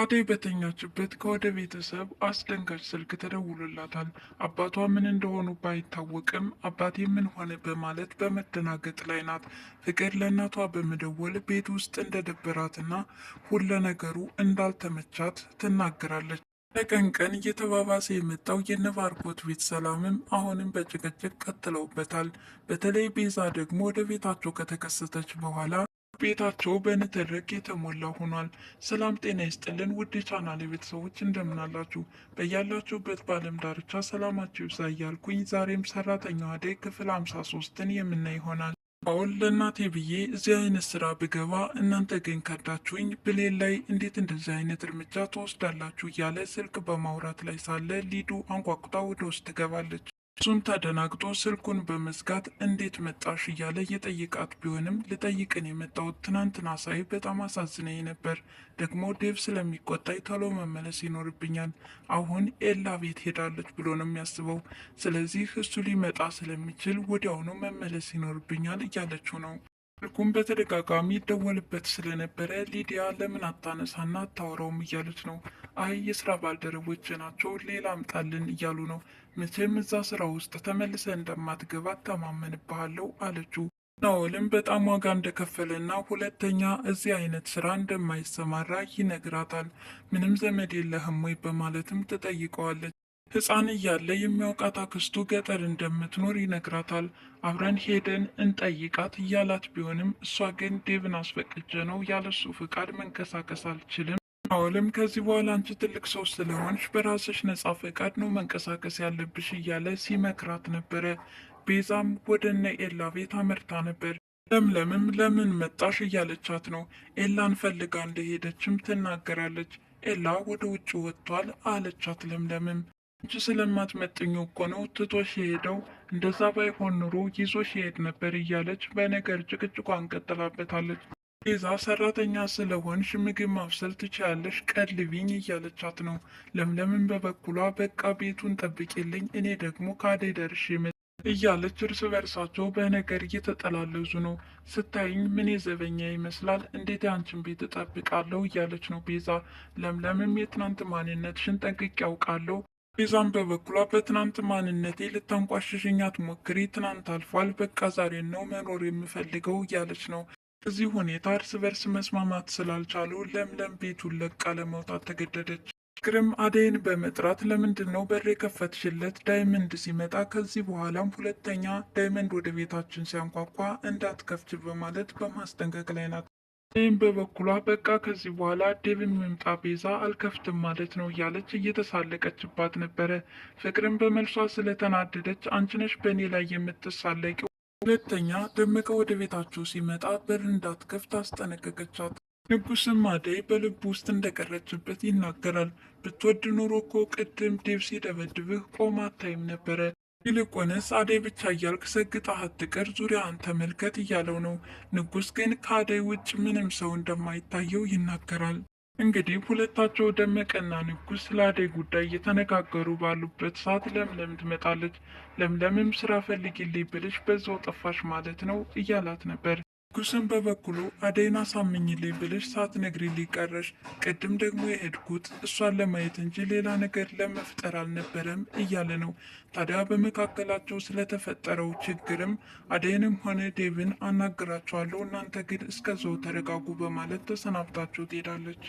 አደይ በተኛችበት ከወደ ቤተሰብ አስደንጋጭ ስልክ ተደውሎላታል። አባቷ ምን እንደሆኑ ባይታወቅም አባቴ ምን ሆነ በማለት በመደናገጥ ላይ ናት። ፍቅር ለእናቷ በመደወል ቤት ውስጥ እንደደበራትና ሁለ ነገሩ እንዳልተመቻት ትናገራለች። ለቀንቀን ቀን እየተባባሰ የመጣው የነባርኮት ቤት ሰላምም አሁንም በጭቅጭቅ ቀጥለውበታል። በተለይ ቤዛ ደግሞ ወደ ቤታቸው ከተከሰተች በኋላ ቤታቸው በንትርክ የተሞላ ሆኗል። ሰላም ጤና ይስጥልን ውድ የቻናሌ ቤተሰቦች እንደምናላችሁ በያላችሁበት በዓለም ዳርቻ ሰላማችሁ ይብዛ እያልኩኝ ዛሬም ሰራተኛዋ አደይ ክፍል ሀምሳ ሶስትን የምናይ ይሆናል። አሁን ለእናቴ ብዬ እዚህ አይነት ስራ ብገባ እናንተ ግን ከዳችሁኝ፣ ብሌን ላይ እንዴት እንደዚህ አይነት እርምጃ ትወስዳላችሁ? እያለ ስልክ በማውራት ላይ ሳለ ሊዱ አንኳኩታ ወደ ውስጥ ትገባለች። እሱም ተደናግጦ ስልኩን በመዝጋት እንዴት መጣሽ እያለ የጠይቃት ቢሆንም ልጠይቅን የመጣሁት ትናንትና ሳይ በጣም አሳዝነኝ ነበር። ደግሞ ዴቭ ስለሚቆጣኝ ቶሎ መመለስ ይኖርብኛል። አሁን ኤላ ቤት ሄዳለች ብሎ ነው የሚያስበው። ስለዚህ እሱ ሊመጣ ስለሚችል ወዲያውኑ መመለስ ይኖርብኛል እያለችው ነው። ስልኩም በተደጋጋሚ ይደወልበት ስለነበረ ሊዲያ ለምን አታነሳና አታወራውም እያሉት ነው። አይ የስራ ባልደረቦች ናቸው ሌላ አምጣልን እያሉ ነው። መቼም እዛ ስራ ውስጥ ተመልሰ እንደማትገባ እተማመንብሃለሁ አለችው። ናወልም በጣም ዋጋ እንደከፈለና ሁለተኛ እዚህ አይነት ስራ እንደማይሰማራ ይነግራታል። ምንም ዘመድ የለህም ወይ በማለትም ትጠይቀዋለች። ሕፃን እያለ የሚያውቃት አክስቱ ገጠር እንደምትኖር ይነግራታል። አብረን ሄደን እንጠይቃት እያላት ቢሆንም እሷ ግን ዴቭን አስፈቅጄ ነው ያለሱ ፍቃድ መንቀሳቀስ አልችልም። አወልም ከዚህ በኋላ አንቺ ትልቅ ሰው ስለሆንሽ በራስሽ ነጻ ፈቃድ ነው መንቀሳቀስ ያለብሽ እያለ ሲመክራት ነበረ። ቤዛም ወደ እነ ኤላ ቤት አመርታ ነበር። ለምለምም ለምን መጣሽ እያለቻት ነው። ኤላን ፈልጋ እንደሄደችም ትናገራለች። ኤላ ወደ ውጭ ወጥቷል አለቻት ለምለምም አንቺ ስለማትመጥኙ እኮ ነው ትቶሽ የሄደው። እንደዛ ባይሆን ኑሮ ይዞሽ ይሄድ ነበር እያለች በነገር ጭቅጭቋን ቀጥላበታለች። ቤዛ ሰራተኛ ስለሆንሽ ምግብ ማብሰል ትችያለሽ፣ ቀልቢኝ እያለቻት ነው። ለምለምን በበኩሏ በቃ ቤቱን ጠብቂልኝ፣ እኔ ደግሞ ካደይ ደርሼ እያለች እርስ በርሳቸው በነገር እየተጠላለዙ ነው። ስታይኝ ምን የዘበኛ ይመስላል እንዴት ያንችን ቤት እጠብቃለሁ እያለች ነው ቤዛ። ለምለምም የትናንት ማንነትሽን ጠንቅቄ ያውቃለሁ ቤዛም በበኩሏ በትናንት ማንነቴ ልታንቋሽሽኝ አትሞክሪ፣ ትናንት አልፏል፣ በቃ ዛሬ ነው መኖር የምፈልገው እያለች ነው። በዚህ ሁኔታ እርስ በርስ መስማማት ስላልቻሉ ለምለም ቤቱን ለቃ ለመውጣት ተገደደች። ግርም አደይን በመጥራት ለምንድን ነው በር የከፈትሽለት? ዳይመንድ ሲመጣ ከዚህ በኋላም ሁለተኛ ዳይመንድ ወደ ቤታችን ሲያንኳኳ እንዳትከፍች በማለት በማስጠንቀቅ ላይ ናት። ይህም በበኩሏ በቃ ከዚህ በኋላ ዴብም መምጣ ቤዛ አልከፍትም ማለት ነው እያለች እየተሳለቀችባት ነበረ። ፍቅርን በመልሷ ስለተናደደች አንቺ ነሽ በእኔ ላይ የምትሳለቂው። ሁለተኛ ደመቀ ወደ ቤታቸው ሲመጣ በር እንዳትከፍት አስጠነቀቀቻት። ንጉስም አደይ በልቡ ውስጥ እንደቀረችበት ይናገራል። ብትወድ ኑሮ እኮ ቅድም ዴብ ሲደበድብህ ቆማ አታይም ነበረ ይልቁንስ አደይ ብቻ እያልክ ሰግጠህ አትቅር፣ ዙሪያህን ተመልከት እያለው ነው። ንጉስ ግን ከአደይ ውጭ ምንም ሰው እንደማይታየው ይናገራል። እንግዲህ ሁለታቸው ደመቀና ንጉስ ስለ አደይ ጉዳይ እየተነጋገሩ ባሉበት ሰዓት ለምለም ትመጣለች። ለምለምም ስራ ፈልጊልኝ ብልሽ በዛው ጠፋሽ ማለት ነው እያላት ነበር። ጉስም በበኩሉ አደይን አሳምኝልኝ ብለሽ ሳትነግሪኝ ሊቀረሽ ቅድም ደግሞ የሄድኩት እሷን ለማየት እንጂ ሌላ ነገር ለመፍጠር አልነበረም እያለ ነው። ታዲያ በመካከላቸው ስለተፈጠረው ችግርም አደይንም ሆነ ዴቭን አናግራቸዋለሁ፣ እናንተ ግን እስከዛው ተረጋጉ በማለት ተሰናብታቸው ትሄዳለች።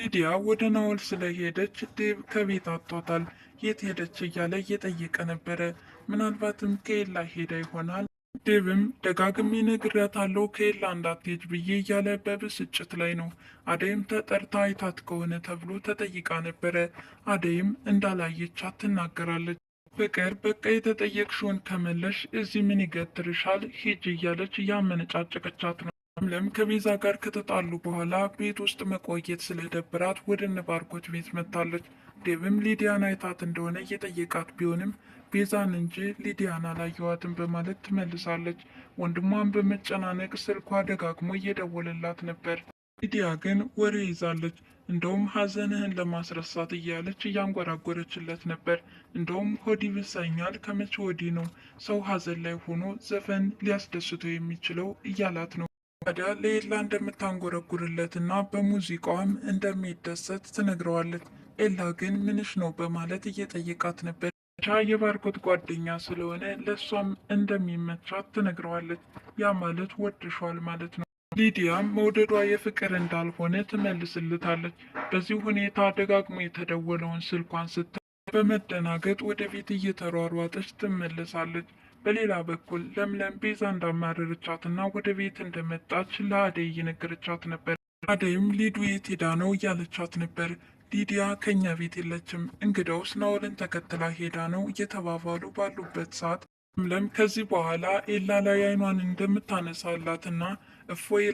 ሊዲያ ወደ ናወል ስለሄደች ዴቭ ከቤት አጥቷታል። የት ሄደች እያለ እየጠየቀ ነበረ። ምናልባትም ከየላ ሄዳ ይሆናል ዴቭም ደጋግሜ ነግሬያታለሁ ከኤላ እንዳትሄድ ብዬ እያለ በብስጭት ላይ ነው። አደይም ተጠርታ አይታት ከሆነ ተብሎ ተጠይቃ ነበረ። አደይም እንዳላየቻት ትናገራለች። ፍቅር በቃ የተጠየቅሽውን ከመለሽ እዚህ ምን ይገትርሻል ሂጅ እያለች እያመነጫጨቀቻት ነው። ለምለም ከቤዛ ጋር ከተጣሉ በኋላ ቤት ውስጥ መቆየት ስለደብራት ወደ እነ ቤት መጥታለች። ዴቭም ሊዲያን አይታት እንደሆነ እየጠየቃት ቢሆንም ቤዛን እንጂ ሊዲያን አላየዋትም በማለት ትመልሳለች። ወንድሟን በመጨናነቅ ስልኳ ደጋግሞ እየደወለላት ነበር። ሊዲያ ግን ወሬ ይዛለች። እንደውም ሀዘንህን ለማስረሳት እያለች እያንጎራጎረችለት ነበር። እንደውም ሆዲ ብሰኛል ከመቼ ወዲህ ነው ሰው ሀዘን ላይ ሆኖ ዘፈን ሊያስደስተው የሚችለው እያላት ነው። ታዲያ ለኤላ እንደምታንጎረጉርለትና በሙዚቃዋም እንደሚደሰት ትነግረዋለች። ኤላ ግን ምንሽ ነው በማለት እየጠየቃት ነበር። ቻ የባርኮት ጓደኛ ስለሆነ ለእሷም እንደሚመቻት ትነግረዋለች። ያ ማለት ወድሿል ማለት ነው። ሊዲያም መውደዷ የፍቅር እንዳልሆነ ትመልስልታለች። በዚህ ሁኔታ ደጋግሞ የተደወለውን ስልኳን ስታ በመደናገጥ ወደ ቤት እየተሯሯጠች ትመለሳለች። በሌላ በኩል ለምለም ቤዛ እንዳማረረቻትና ወደ ቤት እንደመጣች ለአደይ እየነገረቻት ነበር። አደይም ሊዱ የት ሄዳ ነው እያለቻት ነበር። ሊዲያ ከኛ ቤት የለችም፣ እንግዳውስ ናኦልን ተከትላ ሄዳ ነው እየተባባሉ ባሉበት ሰዓት ለምለም ከዚህ በኋላ ኤላ ላይ አይኗን እንደምታነሳላትና እፎይ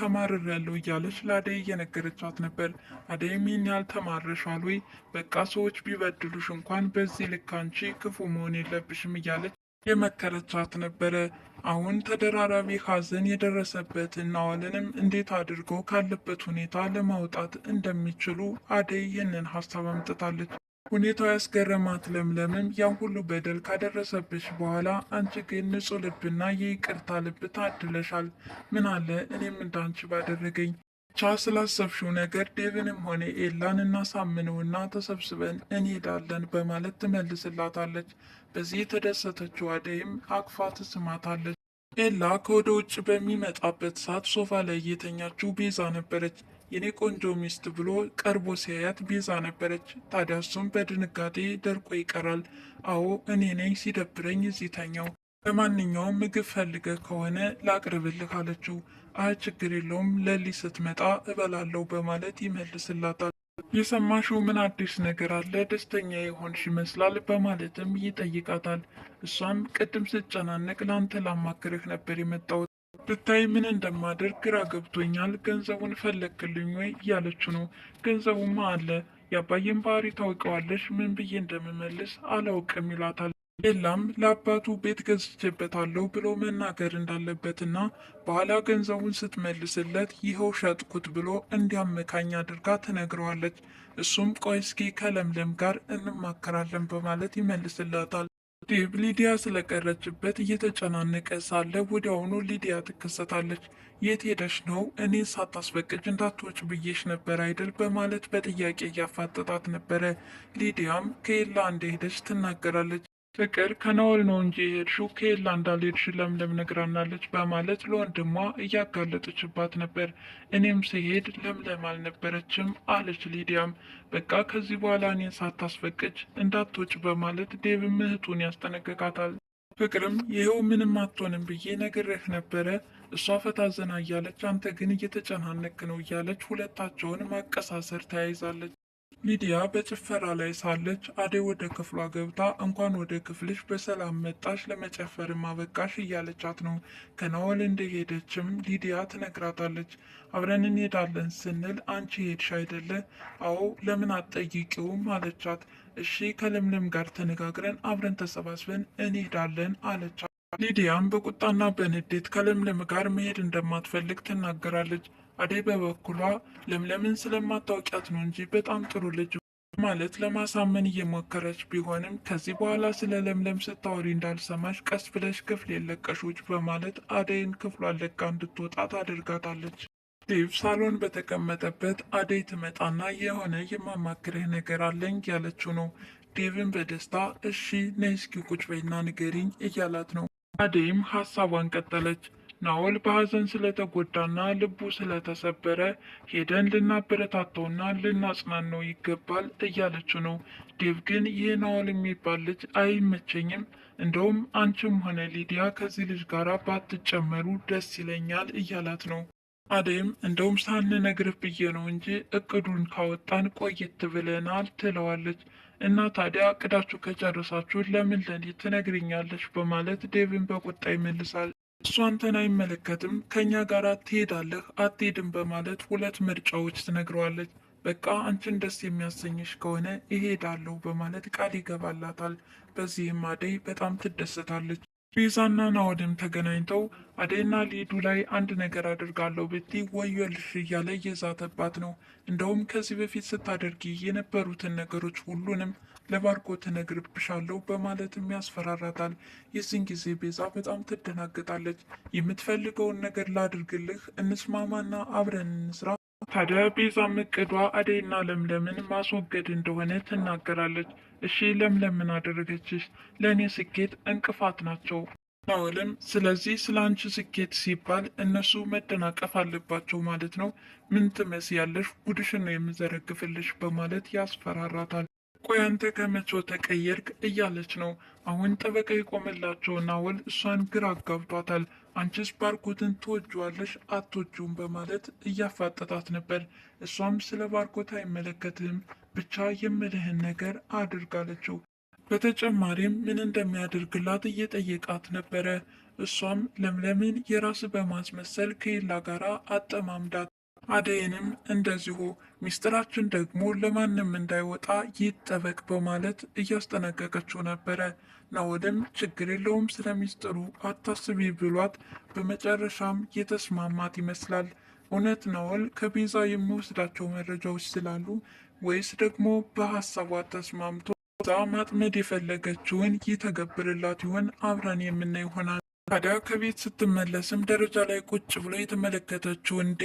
ተማርር ያለው እያለች ለአደይ እየነገረቻት ነበር። አደይም ይህን ያህል ተማረሻል ወይ? በቃ ሰዎች ቢበድሉሽ እንኳን በዚህ ልክ አንቺ ክፉ መሆን የለብሽም እያለች የመከረቻት ነበረ። አሁን ተደራራቢ ሐዘን የደረሰበትን አዋልንም እንዴት አድርጎ ካለበት ሁኔታ ለማውጣት እንደሚችሉ አደይ ይህንን ሀሳብ አምጥታለች። ሁኔታው ያስገረማት ለምለምም ያን ሁሉ በደል ካደረሰብሽ በኋላ አንቺ ግን ንጹሕ ልብና የይቅርታ ልብ ታድለሻል። ምን አለ እኔም እንዳንቺ ባደረገኝ። ቻ ስላሰብሽው ነገር ዴቭንም ሆነ ኤላን እናሳምነውና ተሰብስበን እንሄዳለን በማለት ትመልስላታለች። በዚህ የተደሰተችው አደይም አቅፋ ትስማታለች። ኤላ ከወደ ውጭ በሚመጣበት ሰዓት ሶፋ ላይ እየተኛችው ቤዛ ነበረች። የኔ ቆንጆ ሚስት ብሎ ቀርቦ ሲያያት ቤዛ ነበረች። ታዲያ እሱም በድንጋጤ ደርቆ ይቀራል። አዎ እኔ ነኝ ሲደብረኝ እዚህ ተኛው። ለማንኛውም ምግብ ፈልገህ ከሆነ ላቅርብልህ አለችው። አይ ችግር የለውም ለሊ ስትመጣ እበላለሁ በማለት ይመልስላታል። የሰማሽው ምን አዲስ ነገር አለ? ደስተኛ የሆንሽ ይመስላል በማለትም ይጠይቃታል። እሷም ቅድም ስጨናነቅ ለአንተ ላማክርህ ነበር የመጣሁት ብታይ ምን እንደማደርግ ግራ ገብቶኛል። ገንዘቡን ፈለክልኝ ወይ እያለችው ነው። ገንዘቡማ አለ። የአባዬን ባህሪ ታውቂዋለሽ፣ ምን ብዬ እንደምመልስ አላውቅም ይላታል። ኤላም ለአባቱ ቤት ገዝቼበታለሁ ብሎ መናገር እንዳለበትና ባላ ገንዘቡን ስትመልስለት ይኸው ሸጥኩት ብሎ እንዲያመካኝ አድርጋ ትነግረዋለች። እሱም ቆይ እስኪ ከለምለም ጋር እንማከራለን በማለት ይመልስላታል። ዴብ ሊዲያ ስለቀረችበት እየተጨናነቀ ሳለ ወዲያውኑ ሊዲያ ትከሰታለች። የት ሄደሽ ነው? እኔ ሳታስፈቅጅ እንዳትወጭ ብዬሽ ነበር አይደል? በማለት በጥያቄ እያፋጠጣት ነበረ። ሊዲያም ከየላ እንደሄደች ትናገራለች። ፍቅር ከናወል ነው እንጂ የሄድሽው ከኤላ እንዳልሄድሽ ለምለም ነግራናለች በማለት ለወንድሟ እያጋለጠችባት ነበር። እኔም ስሄድ ለምለም አልነበረችም አለች ሊዲያም። በቃ ከዚህ በኋላ እኔን ሳታስፈቅጅ እንዳትወጭ በማለት ዴብም እህቱን ያስጠነቅቃታል። ፍቅርም ይኸው ምንም አትሆንም ብዬ ነግሬህ ነበረ እሷ ፈታዘና እያለች አንተ ግን እየተጨናነክ ነው እያለች ሁለታቸውን ማቀሳሰር ተያይዛለች። ሊዲያ በጭፈራ ላይ ሳለች አደይ ወደ ክፍሏ ገብታ እንኳን ወደ ክፍልሽ በሰላም መጣሽ ለመጨፈር ማበቃሽ እያለቻት ነው። ከናወል እንደሄደችም ሊዲያ ትነግራታለች። አብረን እንሄዳለን ስንል አንቺ ሄድሽ አይደለ? አዎ ለምን አትጠይቂውም አለቻት። እሺ ከለምለም ጋር ተነጋግረን አብረን ተሰባስበን እንሄዳለን አለቻት። ሊዲያም በቁጣና በንዴት ከለምለም ጋር መሄድ እንደማትፈልግ ትናገራለች። አደይ በበኩሏ ለምለምን ስለማታወቂያት ነው እንጂ በጣም ጥሩ ልጅ ማለት ለማሳመን እየሞከረች ቢሆንም ከዚህ በኋላ ስለ ለምለም ስታወሪ እንዳልሰማሽ ቀስ ብለሽ ክፍል የለቀሽ በማለት አደይን ክፍሏን ለቃ እንድትወጣ ታደርጋታለች። ዴቭ ሳሎን በተቀመጠበት አደይ ትመጣና የሆነ የማማክርህ ነገር አለኝ ያለችው ነው። ዴቭን በደስታ እሺ ነይ እስኪ ቁጭ በይና ንገሪኝ እያላት ነው። አደይም ሀሳቧን ቀጠለች። ናኦል በሀዘን ስለተጎዳና ልቡ ስለተሰበረ ሄደን ልናበረታታውና ልናጽናነው ይገባል እያለችው ነው። ዴቭ ግን ይህ ናኦል የሚባል ልጅ አይመቸኝም፣ እንደውም አንቺም ሆነ ሊዲያ ከዚህ ልጅ ጋር ባትጨመሩ ደስ ይለኛል እያላት ነው። አደይም እንደውም ሳልነግርህ ብዬ ነው እንጂ እቅዱን ካወጣን ቆየት ብለናል ትለዋለች። እና ታዲያ እቅዳችሁ ከጨረሳችሁ ለምን ለኔ ትነግርኛለች? በማለት ዴቭን በቁጣ ይመልሳል። እሱ አንተን አይመለከትም፣ ከእኛ ጋር ትሄዳለህ አትሄድም በማለት ሁለት ምርጫዎች ትነግረዋለች። በቃ አንቺን ደስ የሚያሰኝሽ ከሆነ እሄዳለሁ በማለት ቃል ይገባላታል። በዚህም አደይ በጣም ትደሰታለች። ቤዛና ናወድም ተገናኝተው አደይና ሊዱ ላይ አንድ ነገር አድርጋለሁ ብቲ ወዮልሽ እያለ እየዛተባት ነው። እንደውም ከዚህ በፊት ስታደርጊ የነበሩትን ነገሮች ሁሉንም ለባርኮት እነግርብሻለሁ በማለትም ያስፈራራታል። የዚህን ጊዜ ቤዛ በጣም ትደናገጣለች። የምትፈልገውን ነገር ላድርግልህ፣ እንስማማና አብረን እንስራ። ታዲያ ቤዛም እቅዷ አደይና ለምለምን ማስወገድ እንደሆነ ትናገራለች። እሺ ለምለምን አደረገችሽ ለእኔ ስኬት እንቅፋት ናቸው ናወልም ስለዚህ ስለ አንቺ ስኬት ሲባል እነሱ መደናቀፍ አለባቸው ማለት ነው። ምን ትመስያለሽ? ጉድሽን ነው የምዘረግፍልሽ በማለት ያስፈራራታል። ቆይ አንተ ከመቼ ተቀየርክ እያለች ነው። አሁን ጠበቃ የቆመላቸውና ወል እሷን ግራ አጋብቷታል። አንቺስ ባርኮትን ትወጂዋለሽ አትወጂውም በማለት እያፋጠጣት ነበር። እሷም ስለ ባርኮት አይመለከትም ብቻ የምልህን ነገር አድርጋለችው። በተጨማሪም ምን እንደሚያደርግላት እየጠየቃት ነበረ። እሷም ለምለምን የራስ በማስመሰል ከሌላ ጋራ አጠማምዳት አደይንም እንደዚሁ ሚስጥራችን ደግሞ ለማንም እንዳይወጣ ይጠበቅ በማለት እያስጠነቀቀችው ነበረ። ናኦልም ችግር የለውም ስለ ሚስጥሩ አታስቢ ብሏት በመጨረሻም የተስማማት ይመስላል። እውነት ናወል ከቤዛ የሚወስዳቸው መረጃዎች ስላሉ ወይስ ደግሞ በሀሳቧ ተስማምቶ ዛ ማጥመድ የፈለገችውን ይተገብርላት ይሆን? አብረን የምናይ ይሆናል። ታዲያ ከቤት ስትመለስም ደረጃ ላይ ቁጭ ብሎ የተመለከተችው እንዴ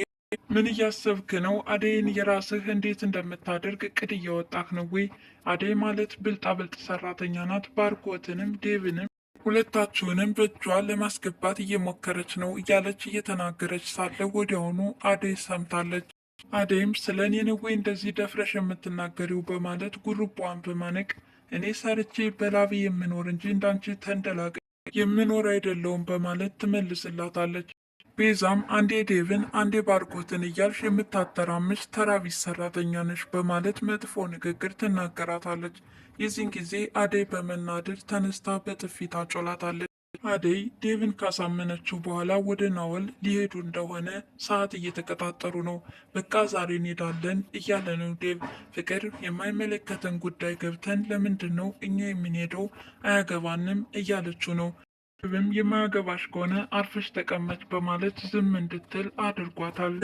ምን እያሰብክ ነው? አደይን የራስህ እንዴት እንደምታደርግ ቅድ እየወጣህ ነው ወይ? አደይ ማለት ብልጣብልጥ ሰራተኛ ናት። ባርኮትንም ዴብንም ሁለታችሁንም በእጇ ለማስገባት እየሞከረች ነው እያለች እየተናገረች ሳለ ወዲያውኑ አደይ ሰምታለች። አደይም ስለ እኔ ነው ወይ እንደዚህ ደፍረሽ የምትናገሪው በማለት ጉርቧን በማነቅ እኔ ሰርቼ በላቤ የምኖር እንጂ እንዳንቺ ተንደላቀ የምኖር አይደለውም በማለት ትመልስላታለች። ቤዛም አንዴ ዴቭን አንዴ ባርኮትን እያልሽ የምታተራምሽ ተራቢስ ሰራተኛ ነሽ በማለት መጥፎ ንግግር ትናገራታለች። የዚህን ጊዜ አደይ በመናደድ ተነስታ በጥፊ ታጮላታለች። አደይ ዴቭን ካሳመነችው በኋላ ወደ ናወል ሊሄዱ እንደሆነ ሰዓት እየተቀጣጠሩ ነው። በቃ ዛሬ እንሄዳለን እያለ ነው ዴቭ። ፍቅር የማይመለከተን ጉዳይ ገብተን ለምንድን ነው እኛ የምንሄደው? አያገባንም እያለችው ነው። እርብም የማያገባሽ ከሆነ አርፈሽ ተቀመጭ በማለት ዝም እንድትል አድርጓታል።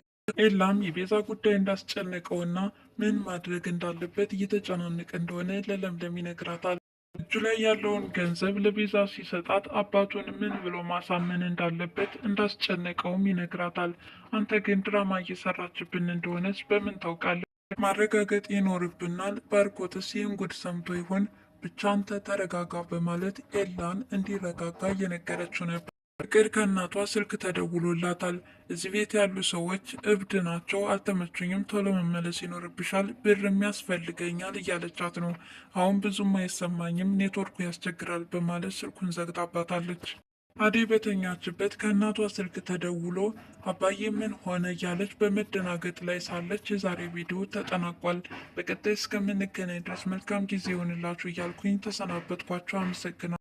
ኤላም የቤዛ ጉዳይ እንዳስጨነቀውና ምን ማድረግ እንዳለበት እየተጨናነቀ እንደሆነ ለለምለም ይነግራታል። እጁ ላይ ያለውን ገንዘብ ለቤዛ ሲሰጣት አባቱን ምን ብሎ ማሳመን እንዳለበት እንዳስጨነቀውም ይነግራታል። አንተ ግን ድራማ እየሰራችብን እንደሆነች በምን ታውቃለህ? ማረጋገጥ ይኖርብናል። ባርኮትስ ይህን ጉድ ሰምቶ ይሆን? ብቻ አንተ ተረጋጋ በማለት ኤላን እንዲረጋጋ እየነገረችው ነበር። ፍቅር ከእናቷ ስልክ ተደውሎላታል። እዚህ ቤት ያሉ ሰዎች እብድ ናቸው፣ አልተመቹኝም፣ ቶሎ መመለስ ይኖርብሻል፣ ብርም ያስፈልገኛል እያለቻት ነው። አሁን ብዙም አይሰማኝም፣ ኔትወርኩ ያስቸግራል በማለት ስልኩን ዘግታባታለች። አደይ በተኛችበት ከእናቷ ስልክ ተደውሎ አባዬ ምን ሆነ እያለች በመደናገጥ ላይ ሳለች የዛሬ ቪዲዮ ተጠናቋል። በቀጣይ እስከምንገናኝ ድረስ መልካም ጊዜ ይሆንላችሁ እያልኩኝ ተሰናበትኳቸው። አመሰግናል